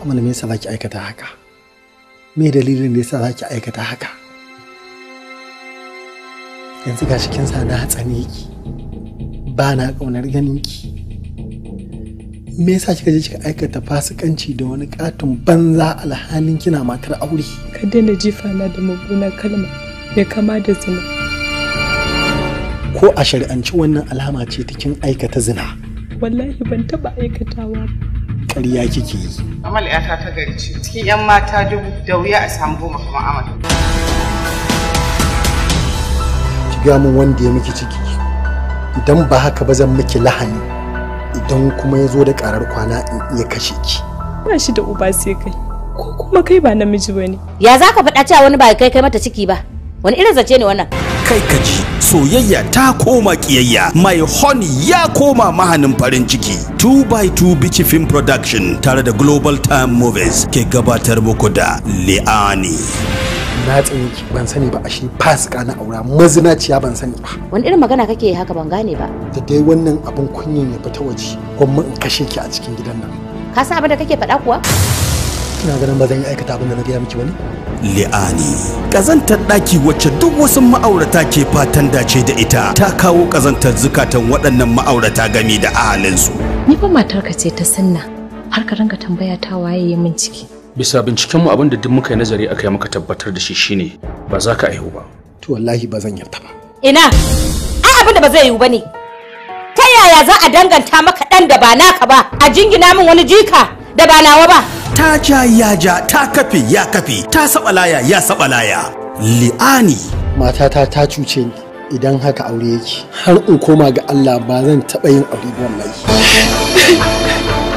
kuma me yasa zaki aikata haka me dalilin da yasa zaki aikata haka yanzu gashi kin sa na hatsani ki ba na kaunar ganin ki me yasa kika je kika aikata fasikanci da wani katon banza alhanin kina matar aure ka daina jifana da muguna kalma ya kama da zina ko a shari'anci wannan alama ce ta kin aikata zina wallahi ban taba aikatawa ba ƙarya kike yi amal yata ta gari ce cikin yan mata dubu da wuya a samu goma kuma amal ki ga wanda ya miki ciki idan ba haka ba zan miki lahani idan kuma ya zo da ƙarar kwana in kashe ki ba shi da uba sai kai ko kuma kai ba namiji ne? ya za ka faɗa cewa wani ba kai kai mata ciki ba wani irin zace ne wannan kai ka ji soyayya ta koma kiyayya mai honey ya koma mahanin farin ciki 2x2 Bichi Film Production tare da Global Time Movies ke gabatar muku da Li'ani. na tsaye ki ban sani ba a shi fasika na aura mazinaciya ban sani ba wani irin magana kake haka ban gane ba da dai wannan abin kunyin ya fita waje kuma in kashe ki a cikin gidan nan ka san abin da kake faɗa kuwa ina ganin ba zan yi aikata abin da na gaya miki wani? li'ani kazantar daki wacce duk wasu ma'aurata ke fatan dace da ita ta kawo kazantar zukatan waɗannan ma'aurata game da ahalinsu ni fa matarka ce ta sanna har ka ranka tambaya ta waye ya min ciki bisa bincikenmu abin da duk muka yi nazari aka yi maka tabbatar da shi shine ba za ka aihu ba to wallahi ba zan yarda ba ina ai abin da ba zai yiwu bane ta yaya za a danganta maka dan da ba naka ba a jingina min wani jika da ba nawa ba ta ja ya ja ta kafe ya kafe ta sabalaya ya sabalaya li'ani matata ta cuce ni idan haka aure yake har in koma ga Allah ba zan taɓa yin aure mai.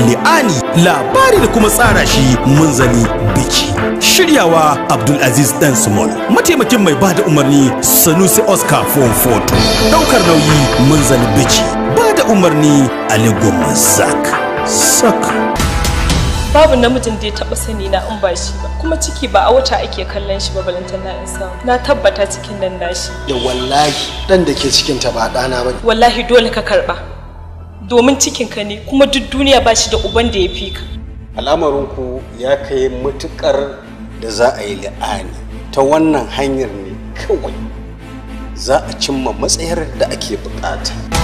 li'ani labari da kuma tsara shi munzali biki shiryawa abdulaziz dan small mataimakin mai bada umarni sanusi oscar fonfoto daukar nauyi munzali biki bada umarni ali zak sak babu namijin da ya taba sani na in ba shi ba kuma ciki ba a wata ake kallon shi ba balantan na in samu na tabbata cikin nan dashi da wallahi dan da ke cikin ta ba dana ba wallahi dole ka karba domin cikinka ne kuma duk duniya ba shi da uban da ya fi ka. Al'amarinku ya kai matukar da za a yi la'ani ta wannan hanyar ne kawai za a cimma matsayar da ake bukata.